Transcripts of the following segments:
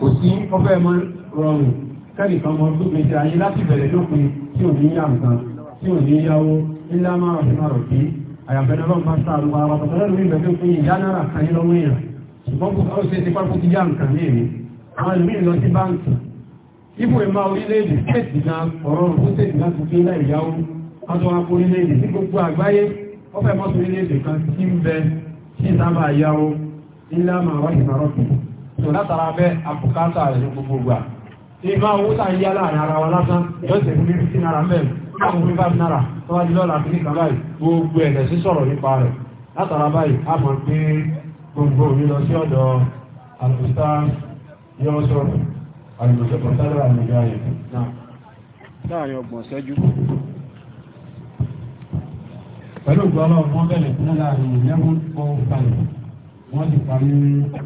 kò sí ọfẹ́ mọ́ rọrùn kẹ́rì kan mọ́ gbogbo ìṣẹ́ ayé láti bẹ̀rẹ̀ lópin tí ò ní yà nǹkan tí ò ní yáwó ńlá máa rọ̀ fún àrọ̀ pé àyàfẹ́ lọ́wọ́ máa sáà lọ́wọ́ àwọn ọ̀pọ̀ tọ́lọ́rùn ìgbẹ́ tó fi ìyá náírà kan ní èèyàn ṣùgbọ́n kò ó ti pápó ti yá nǹkan ní èmi àwọn ìlú ìlọ sí báǹkì ibò ìmá orílẹ̀-èdè tó látara bẹ́ẹ̀ àbùkátà rẹ̀ ní gbogbo gbà ìbá owó tà ń yá láàrin ara wa lásán lọ́sẹ̀ fún bíbí sí nára mẹ́rin láwọn orí bá nára tó wá jùlọ láti ní kàbáyì gbogbo ẹ̀lẹ̀ sí sọ̀rọ̀ nípa rẹ̀ látara báyìí a mọ̀ pé gbogbo mi lọ sí ọ̀dọ̀ àlùfáà yọ́sọ̀ àlùfáà pọ̀tálẹ̀ àlùfáà yẹn náà láàrin ọgbọ̀n ṣẹ́jú pẹ̀lú ìgbọ́lọ́ wọ́n ti parí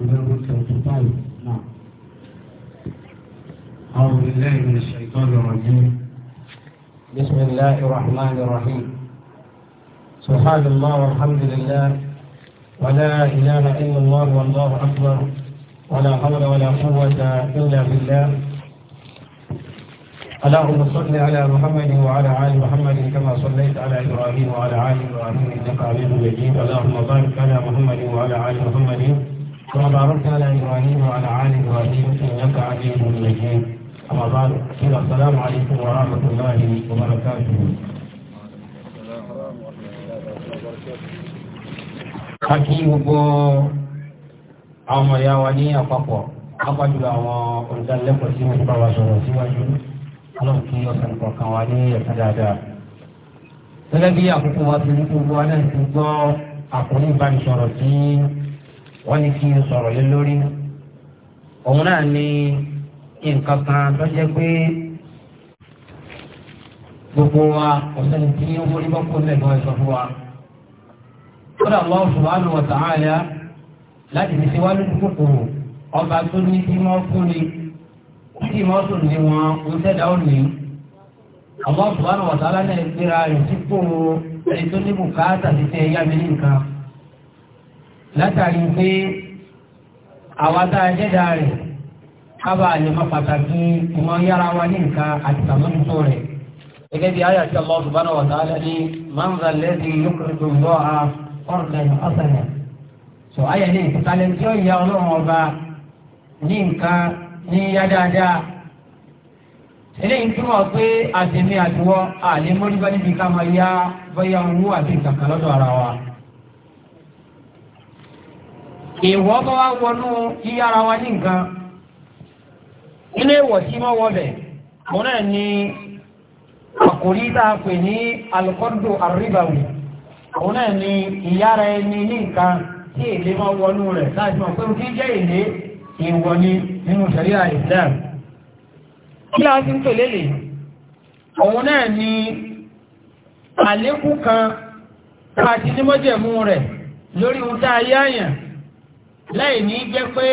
ìlẹ́rù seventy five náà. أعوذ بالله من الشيطان الرجيم بسم الله الرحمن الرحيم سبحان الله والحمد لله ولا إله إلا الله والله أكبر ولا حول ولا قوة إلا بالله اللهم صل على محمد وعلى آل محمد كما صليت على إبراهيم وعلى آل إبراهيم إنك حميد مجيد اللهم بارك على محمد وعلى آل محمد كما باركت على إبراهيم وعلى آل إبراهيم إنك حميد مجيد أما بعد السلام عليكم ورحمة الله وبركاته Kàkí gbogbo àwọn ọmọ ìyá wa ní àpapọ̀, ápájúlọ àwọn olùdánilẹ́kọ̀ọ́ tí wọ́n bá wa sọ̀rọ̀ síwájú ọlọ́run kí ọ̀sẹ̀ kọ̀ọ̀kan wa ní ẹ̀ka dáadáa. gẹ́gẹ́ bí àkókò wa ti ní gbogbo wa náà ti gbọ́ àkórí ìbánisọ̀rọ̀ tí wọ́n ní kí n sọ̀rọ̀ lé lórí. òun náà ní nǹkan kan tó jẹ́ pé gbogbo wa ọ̀sẹ̀ tí ó wọlé bá lẹ́gbọ̀n ẹ̀sọ́ fún wa. kódà Allah subhanahu wa ta'ala láti fi ṣe wá lójú kòkòrò ọba tó ní kí wọ́n fún ni tí wọ́n tún ní wọn ń tẹ́dá ó ní àwọn ọ̀bùnú ọ̀tàlá náà gbéra rẹ̀ sípò ẹni tó ní bùkátà ti tẹ yá mi ní nǹkan látàrí pé àwa tá a jẹ́dá rẹ̀ kábà lè má pàtàkì ìmọ̀ yára wa ní nǹkan àti tàmójútó rẹ̀ gẹ́gẹ́ bí ayà tí Allah subhanahu wa ta'ala ní man zal ladhi yuqridu Allaha qardan so ayà ní ìtàlẹ̀ tí ó yá ọlọ́run ní yá dáadáa eléyìí túmọ̀ pé àtẹ̀mí àtiwọ́ àlè mọ́lúbá níbi ká máa yá bóyá owó àti kàkà lọ́dọ̀ ara wa. ìwọ́ bá wá wọnú yíyá ara wa ní nǹkan ilé ìwọ̀ tí wọ́n wọlé òun náà ni àkòrí tá a pè ní alukọ́dù àríbàwò òun náà ni ìyára ẹni ní nǹkan tí èlé máa wọnú rẹ̀ láti mọ̀ pé kí jẹ́ èlé ìwọ ni nínú ṣàríà Islam kí la ti ń tò lélè òun náà ni àlékún kan káàkì ní mọ́jẹ̀mú rẹ̀ lórí ohun tá a yá yàn láì ní jẹ́ pé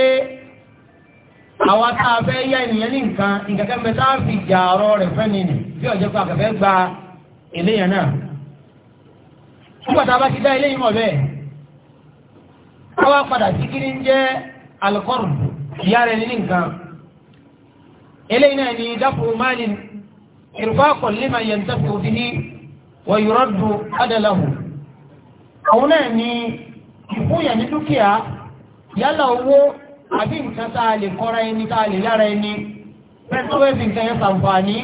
àwa tá a fẹ́ yá ènìyàn ní nǹkan ìkẹ́kẹ́ mẹ́ta fi jà ọ̀rọ̀ rẹ̀ fẹ́ nìyẹn bí ọ̀jẹ̀ pa àkàfẹ́ gba eléyàn ìyá rẹ̀ ní nǹkan eléyìí náà ni dáfuru máàlì ìrùfáàkọ̀ lima yẹn dáfuru bí ní wọ̀nyúrọ́dù adalahu àwọn náà ni ìfúnyà ní dúkìá yálà owó àbí nǹkan tá a lè kọ́ra ẹni tá a lè lára ẹni pẹ́ntọ́wẹ́sì nǹkan yẹn sàǹfààní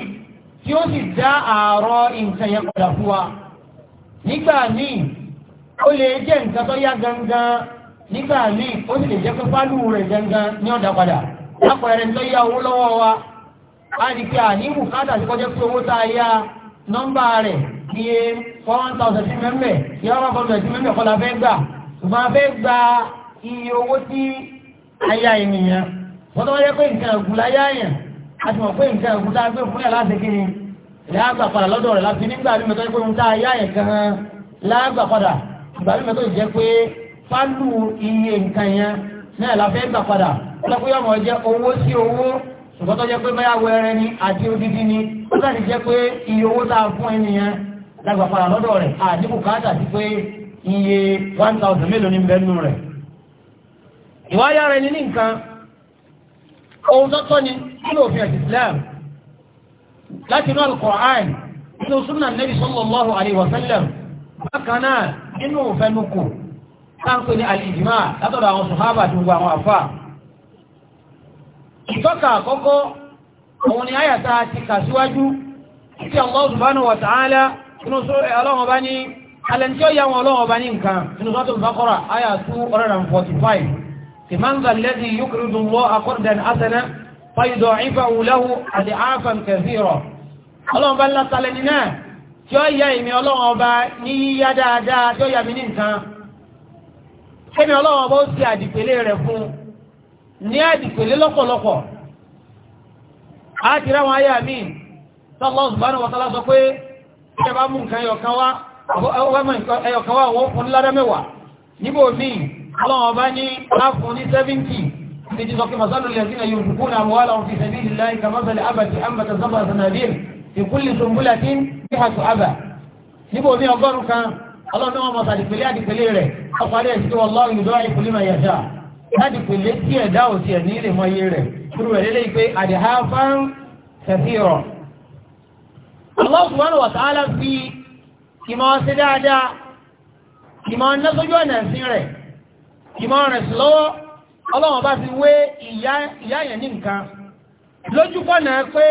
tí ó sì dá àárọ̀ nǹkan yẹn padà fún wa nígbà míì ó lè jẹ́ nǹkan tó yá gangan nígbà míì ó sì lè jẹ́ pé pálù rẹ̀ gangan ní ọ̀dà padà lápẹẹrẹ tó yá owó lọ́wọ́ wa a rí pé àníbù káàdà ti kọjá pé owó tá a yá nọ́mbà rẹ̀ ní four one thousand sí mẹ́mẹ́ yàrá one thousand sí mẹ́mẹ́ kọ́lá fẹ́ gbà ṣùgbọ́n a fẹ́ gba iye owó tí a yá ènìyàn wọ́n tó wáyé pé nǹkan ẹ̀gùn láyá yẹn a ti mọ̀ pé nǹkan ẹ̀gùn tá a gbé fún yà láti kí ni ìgbà mímẹ́tọ́ fálù iye nǹkan yẹn náà la fẹ́ gbà padà lọ́kùnrin owó sí owó ṣùgbọ́n tó jẹ́ pé báyà wẹrẹ ni àti odidi ni ó láti jẹ́ pé iye owó tá a fún ẹni yẹn lágbà padà lọ́dọ̀ rẹ̀ àdínkù káàtà ti pé iye one thousand mélòó ní rẹ̀ ìwáyà ní nǹkan ohun ni nínú òfin Islam láti inú nínú táǹkì ní alìjìmá látọ̀dọ̀ àwọn sùhábà àti gbogbo àwọn àfà ìtọ́ka àkọ́kọ́ òun ni àyàtà ti kà síwájú tí Allah subhanahu wa ta'ala inú sọ ọlọ́wọ́ bá ní alẹ́ni tí ó yá wọn ọlọ́wọ́ bá ní nǹkan inú suratul Baqara àyà 245 ti máa ń gbà lẹ́dí náà tí ó yá ìmì ọlọ́wọ́ ní yíyá dáadáa tí ó yá ní nǹkan kẹ́ni ọlọ́wọ́ bó ti àdìpélé rẹ̀ fún ní àdìpélé lọ́pọ̀lọpọ̀ àti ráwọn ayé àmì tọ́lọ́ ṣùgbọ́n wọ́n tọ́lá sọ pé ṣe bá mú nǹkan ẹyọkan wá wọ́n fún lára mẹ́wàá níbò míì ọlọ́wọ́ bá ní áfún ní 70 ìdí sọ pé masalu lẹ́sìn ẹ̀yọ̀ òkú náà wà láwọn fi sẹ́bí ìlà ìka mọ́sálì abàtì ambata sábà sanadíl ìkúlì sọmbúlatín bí hàtù abà níbò míì ọgọ́rùn kan ọlọ́run wọn mọ̀sá àdìpẹ̀lẹ́ àdìpẹ̀lẹ́ rẹ̀ ọparí ẹ̀ sí ọlọ́run ìjọ ìpínlẹ̀ mayẹ̀dá àdìpẹ̀lẹ́ tí ẹ̀dá ò tiẹ̀ ní ilé mọ́yé rẹ̀ kúrú rẹ̀ lélẹ́ pé àdìhá fáń tẹ̀sí rọ̀. Allah subhanahu wa ta'ala fi ìmọ̀ ṣe dáadáa ìmọ̀ nẹ́sọ́jú ọ̀nà sí rẹ̀ ìmọ̀ rẹ̀ sí lọ́wọ́ ọlọ́run bá ti wé ìyá yẹn ní nǹkan lójú pọ̀nà pé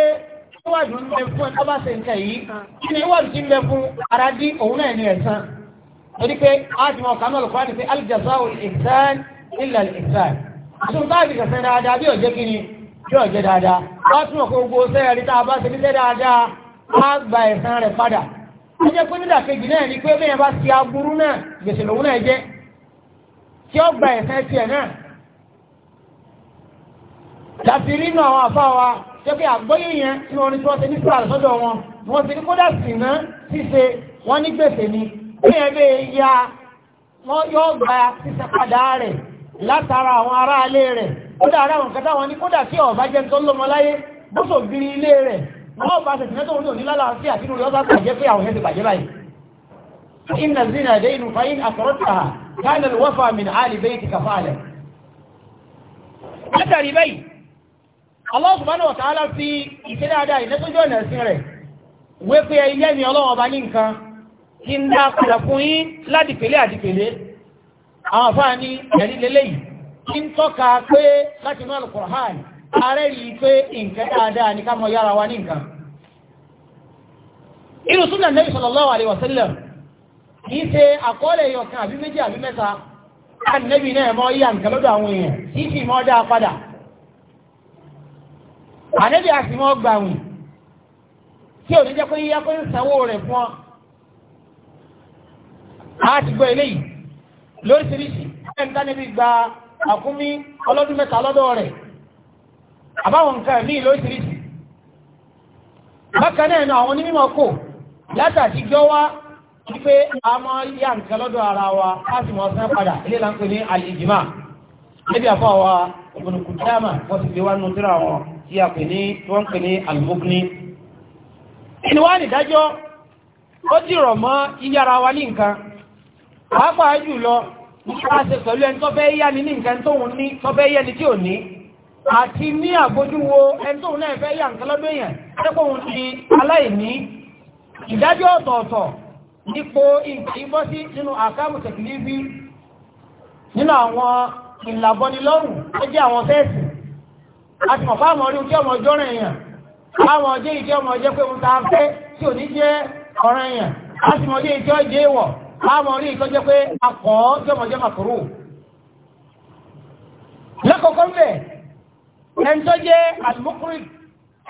ìwádùn ń bẹ fún ẹ̀ tó bá ṣe nǹkan yìí kí ni ìwádùn ti ń bẹ fún ara òun náà ní ẹ̀san torí pé a ti mọ̀ kánú ọ̀lọ́pàá ti fi aljazau ìsán ilẹ̀ ìsán àtúntò bá ti kẹsẹ̀ dáadáa bí ọ̀jẹ́ kí ni bí ọ̀jẹ́ dáadáa wá túnmọ̀ pé gbogbo sẹ́yẹ̀ rí tá a bá ti níṣẹ́ dáadáa á gba ẹ̀san rẹ̀ padà ó jẹ́ pé nígbà kejì náà ni pé bẹ́ẹ̀ bá ti aburú náà gbèsè lòun náà gbèsè ni ẹ̀rẹ́ ya wọ́n yóò gba títẹ padà rẹ̀ látara àwọn ará alé rẹ̀ kódà ara àwọn kẹta wọn ni kódà sí ọ̀bá jẹ́ tó lọ́mọ láyé bóso gírí ilé rẹ̀ wọ́n bá tẹ̀sí mẹ́tọ̀ wọn ní lálàáfíà sínú rẹ̀ ọ́sá pàjẹ́ كان الوفى من آل بيتك فعلا látàrí báyìí Allah subhanahu wa ta'ala fi ìṣẹ́dáadáa ìlẹ́tọ́jọ́ ìlẹ̀sìn rẹ̀ wé pé ilé kí ń dá padà fún yín ládìpele àdìpele àwọn àfáà ní ẹ̀rí lélẹ́yìí kí ń tọ́ka pé láti máa lùkọ̀ hàn ààrẹ rí pé nǹkan dáadáa ní ká mọ yára wa ní nǹkan inú súnà Nabi sallallahu alaihi wasallam kì í ṣe àkọọ́lẹ̀ ẹyọkan àbí méjì àbí mẹ́ta Ànábì náà mọ́ yíya nǹkan lọ́dọ̀ àwọn èèyàn tí kì mọ́ dáa padà Ànábì àti mọ́ gbàwìn tí ò ní jẹ́ pé yíyá pé ń sanwó rẹ̀ fún ọ a ti gbọ́ eléyìí lóríṣiríṣi ẹ̀ńtá níbi gba àkúmí ọlọ́dún mẹ́ta lọ́dọ̀ rẹ̀ àbáwọn nǹkan ní lóríṣiríṣi bákan náà àwọn onímọ̀ kò látàtí jọ wá wípé a máa yá nǹkan lọ́dọ̀ ara wa láti mọ̀ ọ̀sán padà ilé láńpẹ́ ní alìjìmá níbi àfọwà Ibn Qudama wọ́n ti gbé wá nù tíra wọn tí a pè ní tí wọ́n pè ní al-Mughni inú wá nìdájọ́ ó dìrọ̀ mọ́ yíyára wa ní nǹkan pàápàá jùlọ nípasẹ̀ pẹ̀lú ẹni tó fẹ́ yá ni ní nǹkan tóun ní tó fẹ́ yá ni tí ò ní àti ní ẹni náà fẹ́ yá nǹkan lọ́dún èèyàn ti aláìní ìdájọ́ ọ̀tọ̀ọ̀tọ̀ nípo ìgbìmọ̀ nínú àkáàmù tẹ̀kìlífì nínú àwọn ìlàbọnilọ́rùn tó jẹ́ àwọn ọmọ àmọ́ rí ìtọ́jẹ́ pé akọ̀ jọmọ̀jẹ́ màkúrú lẹ́kọ̀ọ́kọ́ mbẹ̀ ẹ̀ńtọ́ jẹ́ àlùmọ́kúrú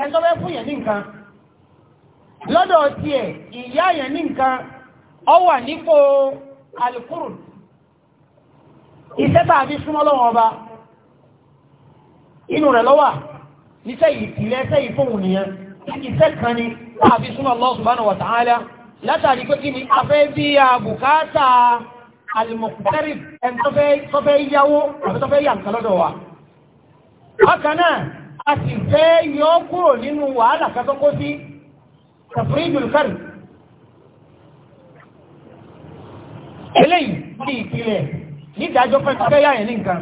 ẹ̀ńtọ́ bẹ́ fún yẹn ní nǹkan lọ́dọ̀ tiẹ̀ ìyá yẹn ní nǹkan ọ wà nípò alùkúrù iṣẹ́ bá a fi súnmọ́ lọ́wọ́ ọba inú rẹ̀ lọ́wà níṣẹ́ ìtìlẹ́ṣẹ́ ìfóhùn nìyẹn iṣẹ́ kan ni bá a fi súnmọ́ Allah subhanahu ta'ala látàrí pé kí ni a fẹ́ bí i àbùkátà alìmọ̀kùtẹ́rì ẹni tó fẹ́ yáwó àti tó fẹ́ yà nǹkan lọ́dọ̀ wa bákan náà a sì fẹ́ yọ kúrò nínú wàhálà kẹ́kọ́kọ́ sí tafrijul kari eléyìí ní ìpìlẹ̀ nídàájọ́ pẹ́ yáyẹ̀ ní nǹkan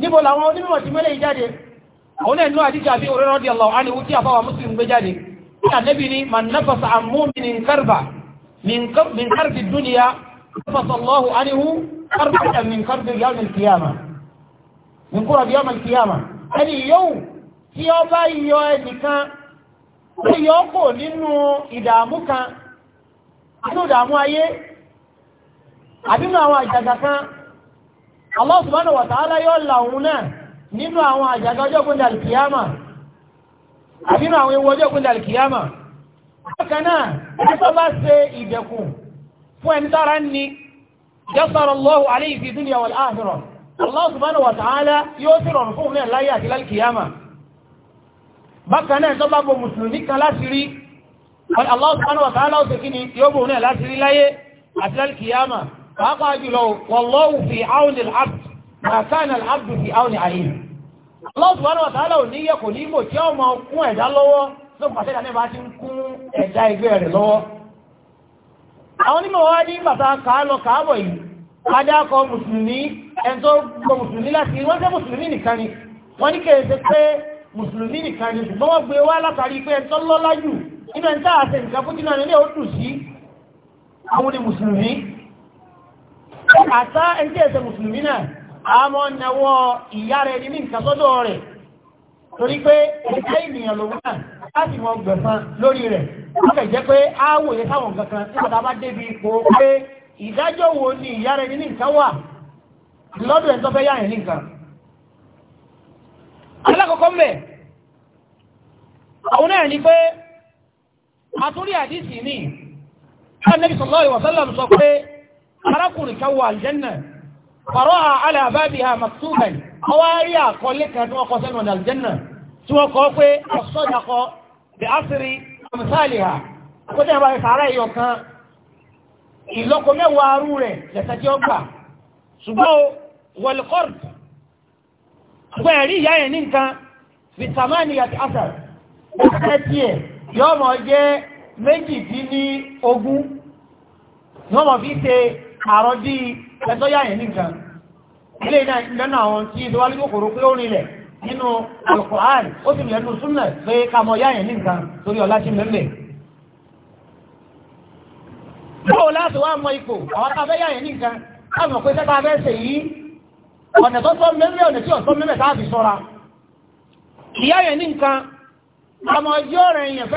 níbo làwọn onímọ̀ ti mẹ́lẹ̀ yìí jáde àwọn ẹ̀nú àdíjà bí orí rọ́dí ọlọ́ tí ànẹ́bì ni man nafasa an mu'minin karba min karbi duniya nafasa Allahu anhu karbatan min karbi yawm al-qiyamah min kurabi yawm al-qiyamah ẹni yóò tí ó bá yọ ẹnìkan ó yọ kò nínú ìdààmú kan nínú ìdààmú ayé àbínú àwọn àjàgà kan Allah subhanahu wa ta'ala yóò là òun náà nínú àwọn àjàgà al-qiyamah àbínú àwọn ewu ọjọ́ ìpínlẹ̀ alkiyama bákan náà ẹjọ́ bá ṣe ìdẹ̀kùn fún ẹni tára ní jẹ́sọ̀rọ̀ lọ́wọ́ aléyìí fi dúnìyà wal akhirah Allah subhanahu wa ta'ala yóò sì rọrùn fún mẹ́rin láyé àti lálkìyàmà bákan náà ẹjọ́ bá bo mùsùlùmí kan láti rí Allah subhanahu wa ta'ala ó sì kí ni Allah subhanahu wa ta'ala ò ní yẹ kò ní mò tí ọmọ kún ẹ̀dá lọ́wọ́ tó pàṣẹ ìdáná ìbá ti ń kún ẹ̀dá ẹgbẹ́ rẹ̀ lọ́wọ́ àwọn onímọ̀ wá ní bàtà kàá lọ kàábọ̀ yìí adákọ mùsùlùmí ẹni tó gbọ́ mùsùlùmí láti wọ́n jẹ́ mùsùlùmí nìkan ni wọ́n ní kèrèsé pé mùsùlùmí nìkan ni ṣùgbọ́n wọ́n gbé wá ni mùsùlùmí àtá ẹni tí ẹ̀ṣẹ̀ àmọ́ náwọ́ ìyá rẹ̀ ní nǹkan sọ́dọ̀ rẹ̀ torí pé ẹ̀ka ènìyàn lòun náà láti wọn gbẹ̀fán lórí rẹ̀ wọ́n fẹ̀ jẹ́ pé áwòye sáwọn kankan nígbàtà bá débi ipò pé ìdájọ́ wo ni ìyá rẹ̀ ní nǹkan wà lọ́dọ̀ ẹ̀ tó yá fara'a ala babiha maktuban ọwá rí àkọlé kan tí wọ́n kọ sẹ́nu ọ̀nà aljanna tí wọ́n kọ pé ọ̀sọ́dakọ bí asiri amsaliha kó tẹ́ bá sàárà yọ kan ìlọ́kọ mẹ́wàá rú rẹ̀ lẹ́sẹ̀ tí ó gbà tí ẹ̀ yọ́ mọ̀ jẹ́ méjì dín ní ogún yọ́ mọ̀ fi ṣe pààrọ̀ dí ẹ̀tọ́ yáyẹ̀ ní nǹkan ilé iná ìlẹ́nu àwọn tí ìdíwálé kòkòrò pé ó rinlẹ̀ nínú alukur'an ó sì lẹ́nu súnmẹ̀ pé ká mọ yáyẹ̀ ní nǹkan torí ọlá sí mẹ́lẹ̀ mọ a wọ́n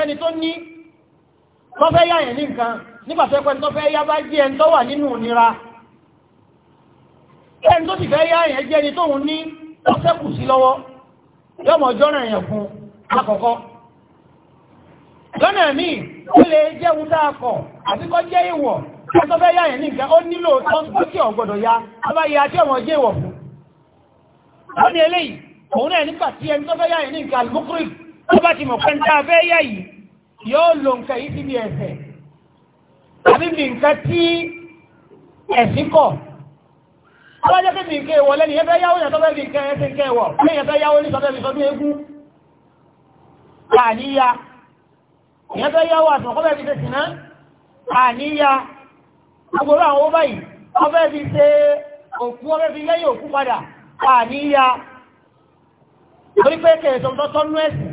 fẹ́ yáyẹ̀ ní nígbà tó pẹ́ tó fẹ́ yá bá jẹ́ ẹni tó wà nínú ìnira ẹni tó sì fẹ́ yá èyàn jẹ́ ẹni tó ń ní ọ́sẹ́kù sí lọ́wọ́ yọmọ jọ́nà èyàn fún àkọ́kọ́ lọ́nà míì ó lè jẹ́ ohun tá a kọ̀ àtikọ́ jẹ́ ìwọ̀ ẹni tó fẹ́ yá èyàn nìkan ó nílò tọ́sí ọ̀gbọ̀dọ̀ ya ọba ya tí ọmọ jẹ́ ìwọ̀ fún ó ní eléyìí òun náà nígbà tí ẹni tó fẹ́ yá àbí fi nǹkan tí ẹ̀sìn kọ̀ ọwọ́ jẹ́ kí fi nǹkan ìwọ̀ lẹ́ni ẹgbẹ́ yáwó ìyàtọ́fẹ́ fi nǹkan ẹ̀sìn nǹkan ìwọ̀ lẹ́yìn ẹgbẹ́ yáwó ìsọ́fẹ́ fi sọ́dún egú àníyá ìyàtọ́ yáwó àtọ̀kọ́fẹ́ fi tẹ̀sìná àníyá agbóró àwọn báyìí ọfẹ́ fi ṣe òkú ọfẹ́ fi lẹ́yìn òkú padà àníyá torí pé kẹ̀ẹ̀sọ̀ tọ́tọ́ nú ẹ̀sìn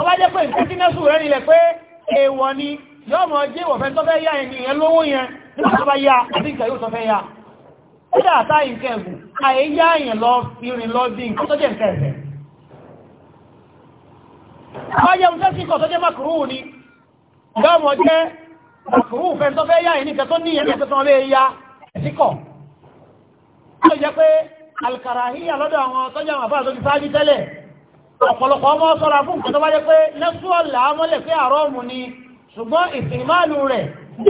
ọwọ́ jẹ́ pé nǹkan tí nẹ́sù rẹ̀ nílẹ̀ pé èèwọ̀ ni yóò mọ̀ jẹ́ ìwọ̀fẹ́ tó fẹ́ yá ẹni ìyẹn lówó yẹn nígbà tó bá yá àbí nǹkan yóò tó fẹ́ yá kódà àtà nǹkan ẹ̀bù àyè yá èèyàn lọ irin lọ bí nǹkan tó jẹ́ nǹkan ẹ̀bẹ̀ ọjọ́ ohun tẹ́sí kan tó jẹ́ makuru ni yóò mọ̀ jẹ́ makuru fẹ́ tó fẹ́ yá ẹni nǹkan tó ní ẹni ẹ̀kẹ́ tó lè yá ẹ̀síkọ̀ tó jẹ́ pé alkarahiya lọ́dọ̀ àwọn tó jẹ́ àwọn àbára tó ti sáájú tẹ́lẹ̀ ọ̀pọ̀lọpọ̀ ọmọ sọ́ra fún nǹkan tó bá jẹ́ pé nẹ́sùọ̀lá mọ́lẹ̀ pé àrọ́ọ̀mù ni ṣùgbọ́n ìsìnmáàlù rẹ̀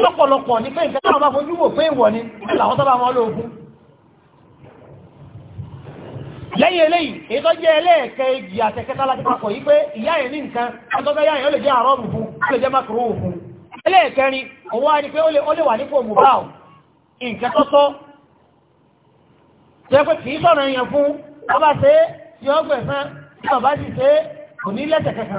lọ́pọ̀lọpọ̀ ní pé ìkẹta ọba fojú wò pé ìwọ̀ ni láwọn tọ́bà wọn lóògùn lẹ́yìn eléyìí ètò jẹ́ ẹlẹ́ẹ̀kẹ́ igi àtẹ̀kẹta láti papọ̀ yí pé ìyá ẹ̀ ní nǹkan ọjọ́bẹ́ yá ẹ̀ ó lè jẹ́ àrọ́mù fún ó lè jẹ́ mákòrò òfin ẹlẹ́ẹ̀kẹrin òun wá ní pé ó lè wà nípò mobile nǹkan tọ́tọ́ tẹ́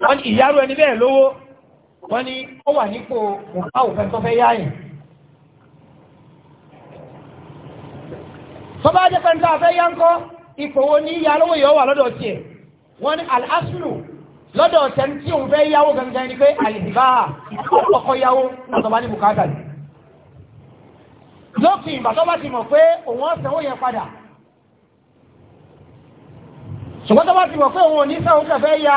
wọ́n ní ìyáró ẹni bẹ́ẹ̀ lówó wọ́n ní ó wà nípò mùká òfẹ́ tó fẹ́ yáyìn tó bá jẹ́ pẹ́ntà fẹ́ yá ń kọ́ ipò wo ní ìyá lówó yóò wà lọ́dọ̀ tiẹ̀ wọ́n ní al-aslu lọ́dọ̀ tẹ̀ tí òun fẹ́ yáwó gangan ni pé al-hibaha ọkọ̀ yáwó àtọ̀bá ní bùkátà ni lókè ìgbà tó ṣùgbọ́n tó bá ti mọ̀ pé òun ò ní sẹ́wọ́n kẹfẹ́ ya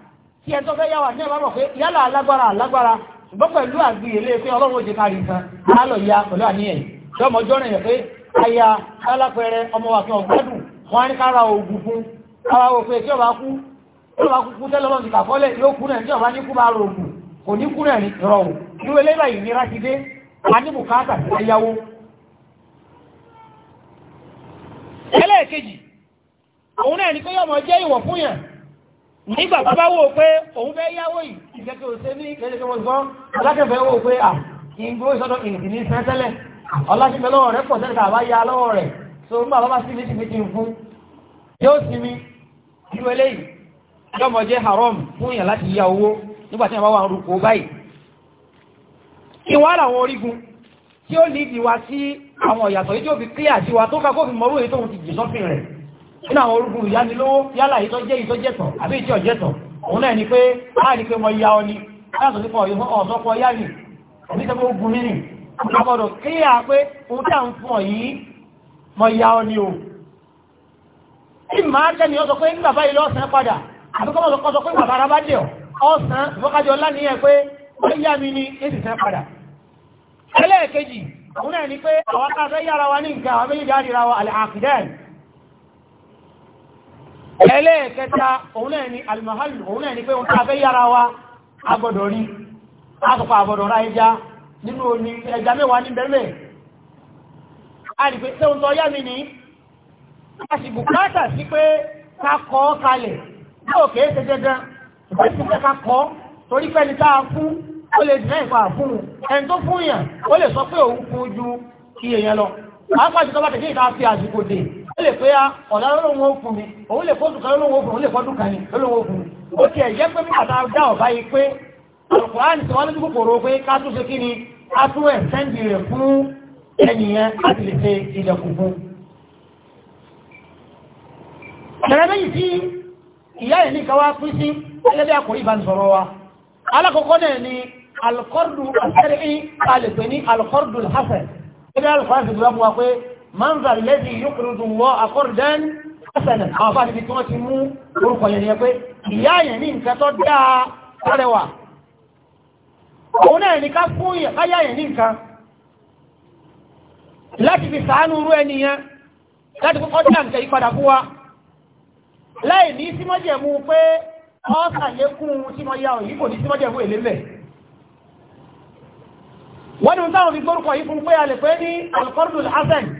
tí ẹjọ́ fẹ́ yáwà ní ẹbábọ̀ pé yálà alágbára alágbára ṣùgbọ́n pẹ̀lú àgbìyèlé pé ọlọ́run ó jẹ kárí nǹkan alọ́ ya pẹ̀lú àníyàn ṣọmọ jọ́rin rẹ̀ pé aya alápẹẹrẹ ọmọ wa kan ọ̀gbádùn wọn ní kára ogun fún ara wo pé tí ọba kú tí ọba kú tẹ́lẹ̀ lọ́n ti kàkọ́lẹ̀ yóò kú náà tí ọba ní kú bá rò ògùn kò ní kú náà ní rọ ò irú eléyà ìnira ti dé a ní bùkátà sí ẹyáwó ẹlẹ́ẹ̀kejì òun náà ní pé yọmọ jẹ́ ìwọ̀ fún yàn nígbà tó bá wò pé òun fẹ́ yáwó yìí ìjẹ́kẹ́ òṣè ní ìrẹ́lẹ́kẹ́ wọ́n gbọ́n alákẹ́fẹ́ wò pé à ìgbó ìsọ́dọ̀ ìrìndì ní sẹ́tẹ́lẹ̀ ọlásífẹ́ lọ́wọ́ rẹ̀ pọ̀ sẹ́tẹ́ àbá yá rẹ̀ so ń bàbá sí ní tìmí ti ń fún yóò sì mi irú haram fún yàn láti yá owó nígbà tí wọ́n wà rúkọ báyìí ìwọ́n àwọn orígun tí ó lè di wa sí àwọn ìyàtọ̀ yìí tí ó fi kílíà sí nínú àwọn orúgun ìyánilówó yálà ìtọ́jẹ́ ìtọ́jẹ́tọ̀ àbí ìtí ọ̀jẹ́tọ̀ òun náà ni pé láàrin pé wọ́n ya ọ ni láàrín pípọ̀ ọ̀sọ́pọ̀ yá ni àbí tẹ́gbẹ́ ogun nínú àbọ̀dọ̀ kíyà pé ohun tí a ń fún ọ yìí mọ̀ ya ọ ni o ìmọ̀ àtẹ́ni ọ sọ pé nígbà báyìí lọ́sàn padà àbí kọ́mọ̀ sọ pé bàbá ara bá dẹ̀ ọ̀sán ìfọ́kájọ láníyàn pé wọ́n yá mi ní èsì sẹ́ padà ẹlẹ́ẹ̀kejì òun náà ni pé àwọn káfẹ́ yára wa ní nǹkan àwọn méjì dáríra wa àlẹ́ àkìdẹ́ẹ̀ ẹlẹ́ẹ̀kẹta òun náà ni alìmọ̀hálì òun náà ni pé òun tàbí yára wa agbọ́dọ̀ rí àtọ̀pọ̀ àgbọ́dọ̀ ra ẹja nínú omi ẹja mẹ́wàá ní bẹ̀rẹ̀ àrífẹ́ tẹ́un tọ́ yá mi ní aṣìgbò káàtà sí pé kakọ́ kalẹ̀ yóò kéé ṣe jẹgán ìgbésí pé kakọ́ torí pé ní táa fún ó lè dìnà ìpa fún ẹni ó lè pé ọ̀la lọ́lọ́wọ́ fún mi òun lè fọ́dún kan lọ́lọ́wọ́ fún mi òun lè fọ́dún kan ní lọ́lọ́wọ́ fún mi ó ti ẹ̀jẹ́ pé nígbà tá a dá ọ̀bá yìí pé alùpùpù ti wá lójú kòkòrò pé ká tún ṣe kí ni ká tún ẹ̀ sẹ́ǹdì rẹ̀ fún ẹnìyẹn láti lè ṣe ìdẹ̀kùn fún. ìrẹ́ méjì tí ìyá ẹ̀ ní káwá pín sí gẹ́gẹ́ bí àkòrí wa alákọ̀ọ́kọ́ náà ni alukọ́rùdù àṣẹ́rẹ́ manzal lẹ́sìn yókùrùdù wọ́ akọ́rùdán ẹsẹ̀lẹ̀ àwọn afá níbi tí wọ́n ti mú orúkọ yẹn yẹn pé ìyá yẹn ní nǹkan tó dáa sárẹwà òun náà ní ká fún yẹn káyá yẹn ní nǹkan láti fi sàánú rú ẹni yẹn láti kọ́kọ́ dá nǹkan yìí padà fún wa èlé mẹ́ wọ́n ni táwọn fi gbórúkọ fún pé a lè pé ní alkọ́rùn-ún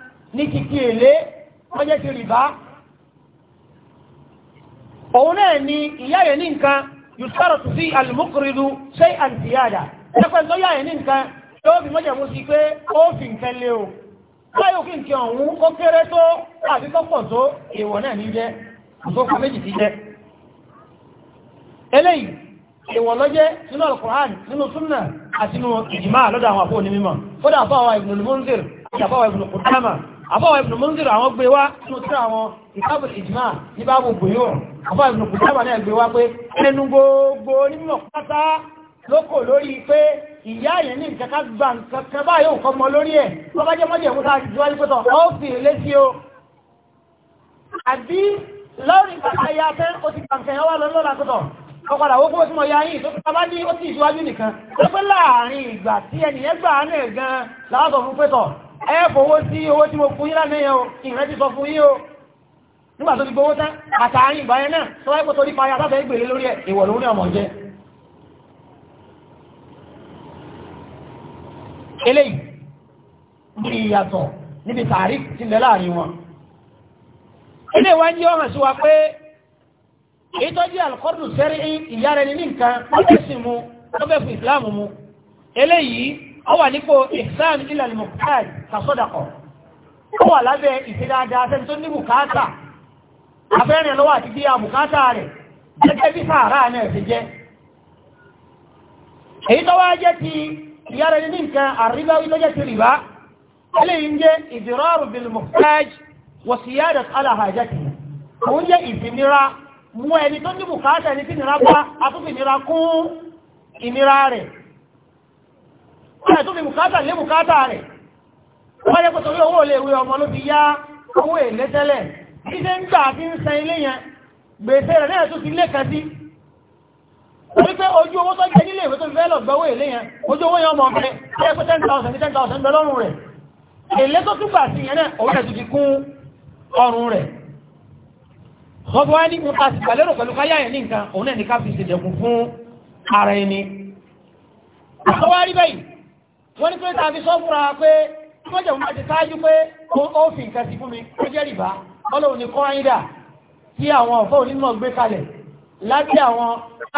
ní kìkì èlé wọ́n jẹ́ ti rìbá òun náà ni ìyá rẹ̀ ní nǹkan yùsọ́rọ̀ tó sí alìmọ́kùnrinú ṣe àǹtíyàdà ẹgbẹ́ tó yá rẹ̀ ní nǹkan tó fi mọ́jẹ̀mú sí pé ó fi nǹkan lé o láyò kí nǹkan ọ̀hún ó kéré tó àbí tó pọ̀ tó èèwọ̀ náà ní jẹ́ àtọ́kọ̀ méjì ti jẹ́ eléyìí èèwọ̀ lọ́jẹ́ nínú al nínú súnnà àti nínú ìjìmá lọ́dọ̀ àwọn àpò onímọ̀ kódà àfáwà Ibn àbáwọ̀ ibùdó mọ́ndìrì àwọn gbé wá nínú tí àwọn ìkábù ìjìmá ní bá gbogbo yóò àbáwọ̀ ibùdó kùtàbà náà gbé wá pé ẹnu gbogbo onímọ̀ pátá lókò lórí pé ìyá yẹn ní ìjẹ́ká gbà nǹkan bá yóò kọ́ mọ lórí ẹ̀ tó bá jẹ́ mọ́jì ẹ̀kú sáà jù wáyé pẹ́tọ̀ ó o àbí lọ́rin bàbá ya tẹ́ ó ti kàǹkẹ́ ọwá lọ lọ́la pẹ́tọ̀ ọ̀padà ó kúrò tí mo ya yìí tó kọ́ bá ní ó ti ìṣíwájú nìkan tó pé láàrin ìgbà tí ẹnìyẹn gbà ẹ fowó sí owó tí mo fún la lánàá yẹn ti sọ fún yín nígbà tó ti gbowó tán àtàárín ìgbà náà tó wáyé kó torí parí àtàtà ìgbèrè lórí ẹ ìwọ̀ lórí ọmọ jẹ eléyìí ní ìyàtọ̀ níbi tààrí ti lẹ láàrin wọn ilé wa ń yí sí wa pé èyí tó sẹ́rí ìyá ní nǹkan ó mu ó fẹ́ fún ìsìláàmù mu eléyìí ó wà nípò ihsan ila al-muhtaj ka sadaqa ó wà lábẹ́ ìfidáadáa sẹ́ni tó ní bùkátà afẹ́rin lọ́wọ́ àti bí a bùkátà rẹ̀ gẹ́gẹ́ bí sàárà náà ti jẹ́ èyí tó wá jẹ́ ti ìyára ní nǹkan àríbá wí tó jẹ́ ti rìbá eléyìí ń jẹ́ ìdìrọ́rù bil muhtaj wa ọ̀rẹ́ tó fi bùkátà lé bùkátà rẹ̀ wọ́n yẹ́ pẹ̀tọ̀ owó olè ìwé ọmọ ló fi yá owó èlé tẹ́lẹ̀ iṣẹ́ ń gbà fi ń san ilé yẹn gbèsè rẹ̀ náà tó ti lé kẹsí torí pé ten thousand ten thousand bẹ lọ́rùn rẹ̀ èlé tó tún gbà sí yẹn náà òun rẹ̀ tó fi kún ọrùn rẹ̀ gbogbo wa ní pẹ̀lú káyà yẹn ní nǹkan òun náà ní ká fi fún ara ẹni àtọwárí báyìí wọ́n ní pé tàbí sọ́fúnra pé mọ́jẹ̀ mọ́ ti táájú pé ó fi nǹkan sí fún mi ó jẹ́ rìbá ọlọ́run ní kọ́ńdà tí àwọn ọ̀fọ́ onímọ̀ gbé kalẹ̀ láti àwọn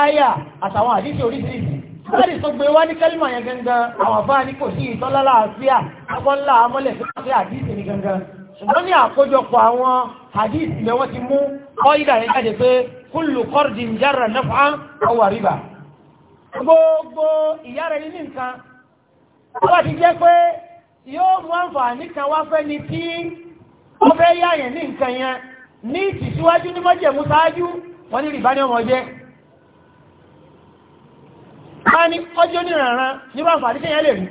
áyà àtàwọn àdíṣe oríṣiríṣi lẹ́yìn tó gbé wá ní kẹ́lìmọ̀ yẹn gangan àwọn àbá ní kò sí ìtọ́lá láàáfíà akọ́lá amọ́lẹ̀ tó ṣe àdíṣe ní gangan ṣùgbọ́n ní àkójọpọ̀ àwọn àdíṣe lẹ́ wọ́n ti mú kọ́ńdà yẹn jáde pé kúlù kọ́rdìn jára gbogbo ìyára ní nǹkan ọba ti jẹ́ pé yóò mú àǹfààní kan wá fẹ́ ni tí ó fẹ́ yáyẹ̀ ní nǹkan yẹn ní ìtìsíwájú ní mọ́jẹ̀mú sáájú wọ́n ní rìbá ní ọmọ jẹ́ wọ́n ní ọjọ́ nìrànràn nírú àǹfààní kéyàn lè rí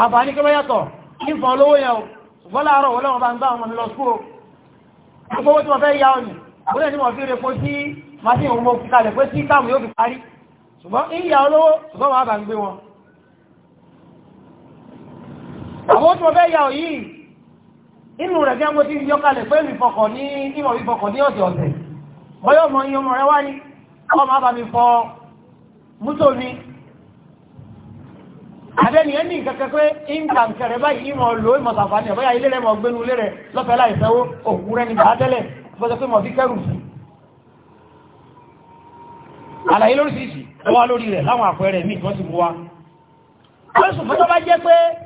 àǹfààní kí olówó yẹn o ṣùgbọ́n láàárọ̀ wọ́n lọ́wọ́ bá ń gbá ọmọ mi lọ sí o gbogbo owó tí wọ́n fẹ́ yá ọ̀nì lè fi rẹ̀ sí mo fi kalẹ̀ pé sí káàmù yóò fi parí ṣùgbọ́n olówó ṣùgbọ́n wọ́n àwọn tí wọ́n fẹ́ yà ọ̀ yìí inú rẹ̀ jẹ́ mo ti yọ kalẹ̀ pé mi fọkọ̀ ní ìmọ̀ mi fọkọ̀ ní ọ̀sẹ̀ ọ̀sẹ̀ bọ́yọ̀ mọ iye ọmọ rẹ wá ní ọmọ bá mi fọ mútò mi àbẹ́ni ẹ́ ní kẹ́kẹ́ pé ìǹkà kẹrẹ báyìí ìmọ̀ lò ìmọ̀ sàfàní ọ̀bọ́yà ilé rẹ̀ mọ̀ gbénu ilé rẹ̀ lọ́fẹ̀ẹ́ láì sanwó òkú rẹ̀ ní bàá tẹ́lẹ̀ fọ́jọ́ pé mọ̀ fi kẹrù sí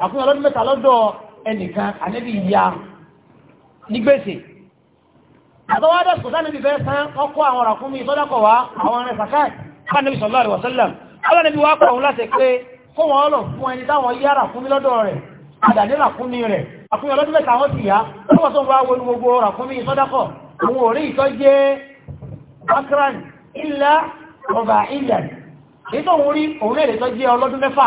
àfihàn ọlọ́dún mẹ́ta lọ́dọ̀ ẹnìkan ànẹ́bí ìyá nígbèsè àtọwádọ́ sọ sáà níbi fẹ́ sán ọkọ̀ àwọn ọ̀rà fún mi sọ́dọ̀kọ̀ wá àwọn ẹ̀rẹ́ sàkáì kánàbí sallallahu alaihi wasallam alánàbí wá pọ̀ òun láti pé kó wọn lọ fún ẹni táwọn yára fún mi lọ́dọ̀ rẹ̀ àdàdélà fún mi rẹ̀ àfihàn ọlọ́dún mẹ́ta wọ́n ti yá akran ilá ọba ilẹ̀ nítorí òun rẹ̀ lè tọ́ jẹ́ ọlọ́dún mẹ́fà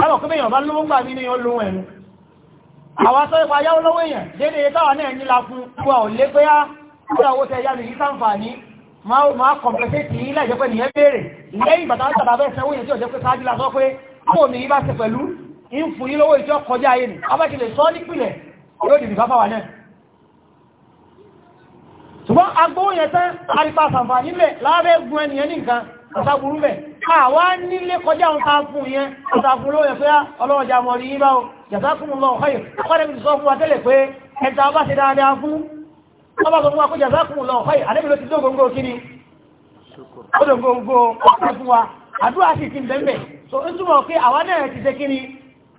àwọn òkú bèèyàn bá lówó gbà mí ní olówó ẹ̀nu àwọn tó ipa yáwó lówó èèyàn dédé táwà náà nílá fún wà ò lé pé á kúrò tẹ yánu yìí sáǹfààní máa kọ̀mpẹ́sẹ̀tì ilẹ̀ ìjẹ́pẹ́ nìyẹn béèrè lẹ́yìn bàtà tàbà bẹ́ẹ̀ sẹ́wó yẹn tí ó jẹ́ pé sáájú la sọ pé kó mi bá ṣe pẹ̀lú ń fún yí lówó ìjọ kọjá ayé ni abájìlẹ̀ sọ nípìnlẹ̀ yóò dìbì bá fáwà náà ṣùgbọ́n agbóhùn yẹn tán arípa sàǹfààní lẹ̀ láàrẹ́ gun ẹnìyẹn ní nǹkan ọ̀sá burú mẹ́ àwa nílé kọjá ń ta fún yẹn ọ̀tàfún ló yẹ pé ọlọ́ọ̀jà mọ̀ rí bá o yàtá fún lọ ọ̀hán yìí ọkọ̀dé mi sọ fún wa tẹ́lẹ̀ pé ẹta ọba ṣe dáadáa fún ọba sọ fún wa kó yàtá fún lọ ọ̀hán yìí àdébì ló ti dógóngó kí ni ó dógóngó ọ̀pẹ́ fún wa àdúrà sì ti bẹ̀m̀bẹ̀ so ń túmọ̀ pé àwa náà ti ṣe kí ni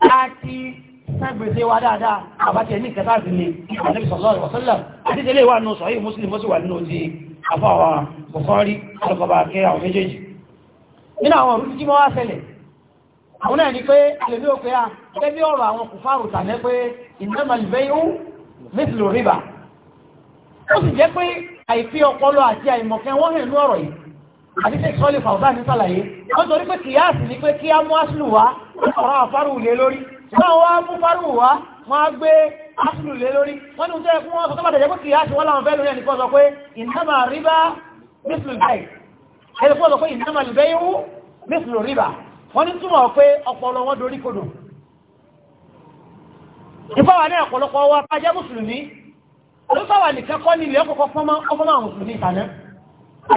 a ti sàgbèsè wa dáadáa àbájẹ ní kẹta sí ni àdébì sallallahu alaihi wasallam àti tẹ́lẹ̀ wà nù sọ̀yìn Muslim mọ́sí wà nínú ti àfọwà Bukhari ọlọ́kọ̀ọ́bà kẹ́ àwọn méjèèjì nínú àwọn ọ̀rú tí mọ́ wá ṣẹlẹ̀ àwọn náà ni pé alèbí ó pé a gẹ́bí ọ̀rọ̀ àwọn kùfàrù tàbí pé ìnámàlìbẹ́yú mẹ́sìlò rìbà ó sì jẹ́ pé àìfí ọpọlọ àti àìmọ̀kẹ́ wọ́n hẹ̀ ní ọ̀rọ̀ yìí àti tẹ́ sọ́lé fàúdá ní sàlàyé wọ́n torí pé kìyàsì ni pé kí á mú áṣìlù wá ọ̀rọ̀ àfárù lé lórí wọ́n wá mú fárù wá wọ́n á gbé áṣìlù lé lórí wọ́n ní oúnjẹ fún wọn sọ tó bàtẹ̀ jẹ́ pé kìyàsì wọ́n láwọn fẹ́ lórí ẹnìkan sọ pé ìnámà ẹni pọ́ lọ pé ìnáma lùbẹ́ ihu nífìlò rírà wọ́n ní túmọ̀ pé ọpọlọ wọn dorí kodò ìfáwà ní ọ̀pọ̀lọpọ̀ wa pàjẹ́ mùsùlùmí olùfáwà nìkan kọ́ nílé ọkọ̀kọ́ fọ́mọ́ ọmọ náà mùsùlùmí ìtànà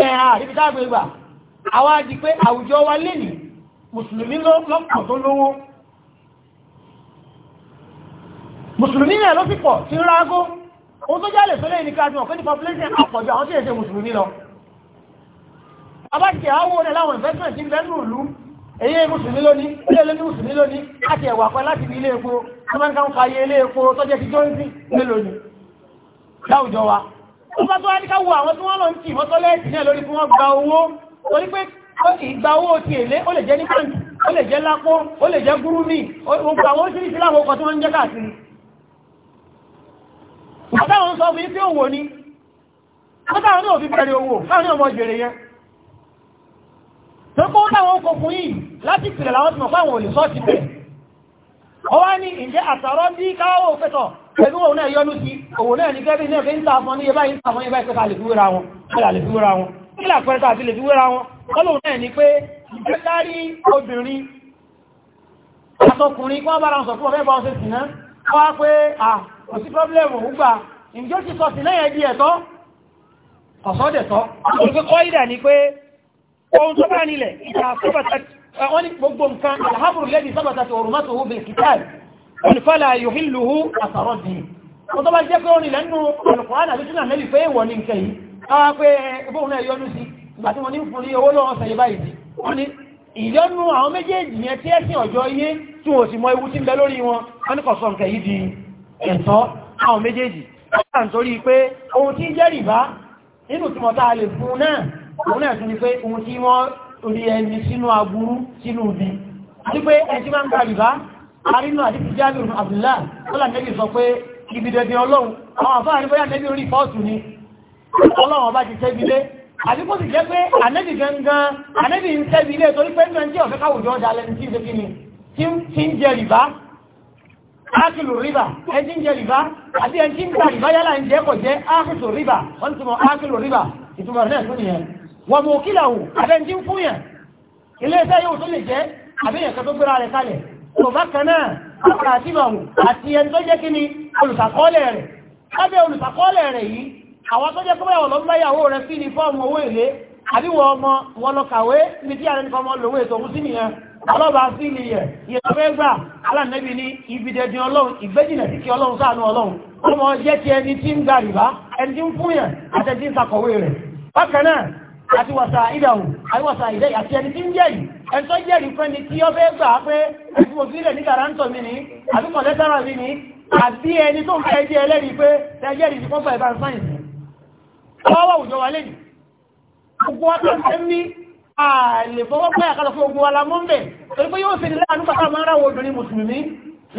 ẹ̀hà ibi táàgbé gbà àwọn àti pé àwùjọ wa lè ní mùsùlùmí lọ́pọ̀ tó lówó mùsùlùmí náà ló sì pọ̀ tí ń rágó ohun tó jálè sólé ní káàdùn ọ̀pẹ́ ní population àpọ̀jọ àwọn tí èsè mùsùlùmí lọ abájẹ́ àwọ́ rẹ̀ láwọn investment ti bẹ́ẹ̀ nù lú èyí mùsùlùmí lónìí ilé olóní mùsùlùmí lónìí láti ẹ̀wà pẹ́ láti ilé epo amẹ́ríkà ń fàyè ilé epo tó jẹ́ ti jóńsì lélónìí láwùjọ wa ó bá tó wá ní káwọ àwọn tí wọ́n lọ ń tì wọ́n tọ́lẹ́ẹ̀tì náà lórí fún wọn gba owó torí pé ìgbà owó ti èlé ó lè jẹ́ ní pàǹtì ó lè jẹ́ lápó ni ọ̀táwọn náà fi bẹ̀rẹ̀ owó káwọn náà mọ̀ jèrè yẹn tó kó láwọn kòkùn yìí láti pìlẹ̀ láwọn ti mọ̀ fáwọn olùsọ́ ti bẹ̀ ọ wá ní ìjẹ́ àtàrọ́ bí káwọ́ pẹ́tọ̀ pẹ̀lú òun náà yọnú sí òwò náà ní gẹ́bí náà fi ń tàfọn ní ẹbá yìí tàfọn ẹbá ìpẹ́ta lè fi wéra wọn pẹ́lá lè fi wéra wọn kílà pẹ́ta àti lè fi wéra wọn ọlọ́run náà ni pé ìgbẹ́kárí obìnrin àtọkùnrin kí wọ́n bára sọ fún ọ̀fẹ́ bá ohun tó bá nílẹ̀ ìjà sábàtà wọ́n ní gbogbo nǹkan alhábùrù lẹ́dí sábàtà tó rùmọ́ tó hùbẹ̀ kìtàlì olùfàlà yòhìlùhù àsàrọ̀ dì wọ́n tó bá jẹ́ pé ó ní lẹ́nu alùkùránà tó túnà lẹ́lì pé wọ́n ní nǹkan yìí káwá pé bóun náà yọnu sí ìgbà tí wọ́n ní fún ní owó lọ́wọ́ sẹ́yìn báyìí wọ́n ní àwọn méjèèjì yẹn tí ẹ̀sìn ọjọ́ iye tí wọ́n sì mọ ewu tí ń bẹ lórí wọn wọ́n ní kò sọ yìí di ẹ̀tọ́ àwọn méjèèjì wọ́n kà ń torí pé ohun tí ń jẹ́ rìbá nínú tí mo lè fún náà òun náà tún ni pé ohun tí wọ́n rí ẹni sínú aburú sínú ibi àti pé ẹni tí máa ń gba rìbá arínú àti ti jáde òun Abdullah ó là nẹ́bí sọ pé ibi dẹ̀bi ọlọ́run àwọn àfáà ní bóyá nẹ́bí orí fọ́ọ̀tù ni ọlọ́run ọba ti tẹ́bi lé àti kó sì jẹ́ pé ànẹ́bì gangan ànẹ́bì ń tẹ́bi lé torí pé nínú ẹni ọ̀fẹ́ káwùjọ ọjà lẹni tí ìṣe kíni tí ń jẹ rìbá ákìlù rìbá ẹni ń jẹ rìbá àti ẹni tí ń gba rìbá yálà ń jẹ́ kọ̀ jẹ́ ákìlù rìbá wọ́n ti mọ̀ ákìlù rìbá ìtumọ̀ rẹ̀ tó nìyẹn wọ́n mú kí làwù abẹ́ntí ń fúnyàn iléeṣẹ́ yóò tó lè jẹ́ àbíyàn kan tó gbéra rẹ̀ kalẹ̀ tó bá kan náà àpàrà àti ìmọ̀mù àti ẹni tó jẹ́ kí ni olùsàkọọ́lẹ̀ rẹ̀ lábẹ́ olùsàkọọ́lẹ̀ rẹ̀ yìí àwọn tó jẹ́ kó báyàwó lọ báyàwó rẹ̀ fi ní fọ́ọ̀mù owó èlé àbí wọ ọmọ wọn lọ kàwé ní tí àrẹ nìkan ọmọ lòun ètò òun sí nìyẹn àti wàsà ìdàhùn àríwàsà ìdẹ́ àti ẹni tí ń jẹ́rì ẹni tó jẹ́rì pé ni tí ó fẹ́ gbà pé ẹgbùn òfìlẹ̀ ní gàrántọ̀ mi ní àbí kọ̀lẹ́tàrà mi ní àbí ẹni tó ń fẹ́ jẹ́ ẹlẹ́rìí pé tẹ́jẹ́rì ti kọ́fà ìbá sáyẹ̀nsì ọwọ́ àwùjọ wà lẹ́yìn gbogbo ọ̀tọ̀ ń ní ààlè fọwọ́ pé àkàlọ̀ fún ogun ala mọ́mbẹ̀ torí pé yóò fi ní láàánú pàtàkì máa ń ráwọ̀ obìnrin mùsùlùmí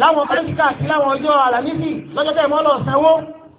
láwọn pẹ́lú kíkà sí láwọn ọjọ́ àlàmísì lọ́jọ́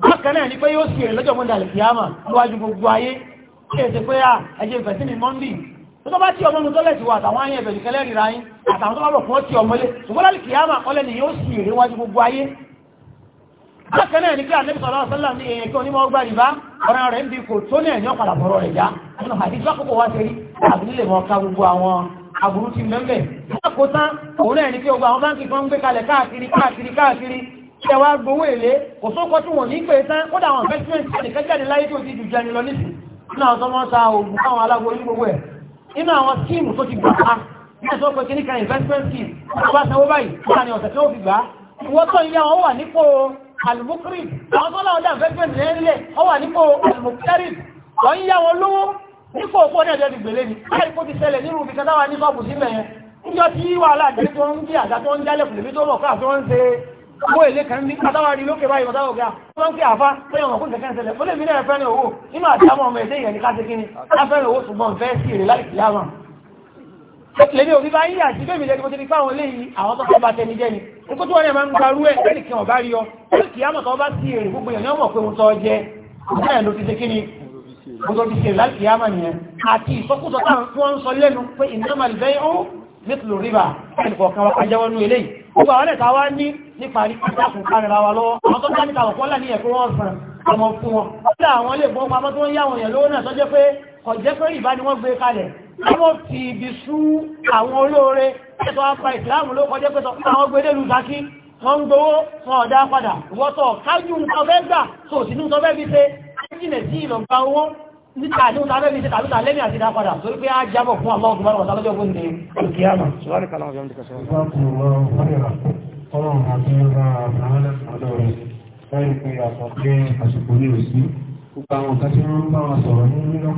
bákan ni pé yóò sì rẹ̀ lọ́jọ́ mọ́ndà lẹ́kìámà níwájú gbogbo ayé ṣe pé àjẹ́ ah, ìfẹ̀sí ni mọ́ndì tó bá tí ọmọ nù tọ́lẹ̀ ti wà àtàwọn ayé ẹ̀bẹ̀ ìkẹlẹ́ rírà yín àtàwọn tó bá bọ̀ fún ọtí ọmọlé ṣùgbọ́n ni yóò sì rẹ̀ wájú ni pé àlẹ́bí sọ̀rọ̀ sọ́lá ní èèyàn kí onímọ̀ ọgbà rìbá ọ̀rẹ́ rẹ̀ ń bi kò tó ní ẹ̀yàn padà bọ̀rọ̀ rẹ̀ já nínú àdíjú àkókò wá ṣe rí àbí nílé mọ̀ ká gbogbo ṣe wá gbowó èlé kò sókọ́ tí wọ́n ní pé tán kódà àwọn investment nìkan jáde láyé tó ti jù jẹni lọ nísìn nínú àwọn tọ́mọ́ sa oògùn àwọn aláwo ní gbogbo ẹ̀ nínú àwọn skíìmù tó ti gbà á ní ẹ̀sọ́ pé kíníkan investment scheme tó bá sanwó báyìí nígbà ní ọ̀sẹ̀ tí ó fi gbà á ìwọ́n tó ilé àwọn wà nípò alùmùkírì àwọn tó láwọn investment rẹ̀ nílẹ̀ ó wà nípò alùmùkírì wọ́n yá wọn lówó nípò òpó ní ẹ̀jẹ̀ ìgbèlè ni láì kó ti ṣẹlẹ̀ nínú ibi kẹta wa ní sọ́ọ̀bù sílẹ̀ yẹn níjọ́ tí wàhálà àgbẹ̀ tó ń jẹ́ àgbà tó ń jálẹ̀kùn lèmi tó mọ̀ fún àti ń ṣe owó èlé kan ní adáwárí lókè báyìí bàtà ọ̀gá wọ́n ń pè àfá pẹ́yìn ọmọ kún kẹ̀kẹ́ ìṣẹ̀lẹ̀ ó lè mí náà fẹ́ràn owó nínú àdámọ́ ọmọ ẹ̀dẹ́ ìyẹn ní káṣe kíní afẹ́ràn owó ṣùgbọ́n fẹ́ sí èrè láì kìí àwọn lèmi òbí bá yíyà sí bẹ́ẹ̀ mi lẹ́ni mo ti rí fáwọn eléyìí àwọn tó fẹ́ bá tẹni jẹ́ ni nǹkó tó wọ́n yẹn máa ń garú ẹ̀ ẹnì kan ọ̀bá rí ọ ẹnì kìí àmọ̀ tó bá sí èrè gbogbo èèyàn mọ̀ pé mo tọ́ jẹ bẹ́ẹ̀ ló ti ṣe kíni mo tó ti ṣe láti kìí àmọ̀ nìyẹn àti ìsọkúsọ táwọn tí wọ́n ń sọ lẹ́nu pé ìnámàlì bẹ́ẹ̀ ó nítorí rírà ẹnì kọ̀ọ̀kan wa kájẹ́wọ́nú eléyìí Gbogbo àwọn ẹ̀ta wá ní níparí pàtàkùn kárìnra wa lọ́wọ́. Àwọn tó ń dáníkà wọ̀pọ̀ lẹ́ni ẹ̀kọ́ wọ́n sàn ọmọ fún wọn. Ó dá àwọn ilé ìfowópamọ́ tó ń yá àwọn èèyàn lówó náà tó jẹ́ pé kò jẹ́ pé rìbá ni wọ́n gbé kalẹ̀. Wọ́n ti ibi sú àwọn olóore ẹ̀tọ́ apá ìsìláàmù ló kọjẹ́ pé àwọn gbélé lu saki. Wọ́n ń gbowó wọn ọ̀dá padà. Wọ́tọ̀ kájú nǹkan fẹ́ gbà tó sínú sọ fẹ́ fi ṣe. Kájìnà sí ìlọ̀gbà owó níta àdéhùn tàbí ẹbí tàbí tàbí lẹ́mí àti ìdápadà torí pé á jábọ̀ fún àwọn ọdún márùn-ún tàbí ọgbọ́n ní ìkíyàmà ṣùgbọ́n kan náà yọmdíkà sọ́wọ́n. Ọlọ́run àti ọba àwọn ọ̀dọ́ rẹ̀ lẹ́yìn pé àsọ̀ pé àsìkò ní òsì, gbogbo àwọn kan tí wọ́n bá wọn sọ̀rọ̀ nínú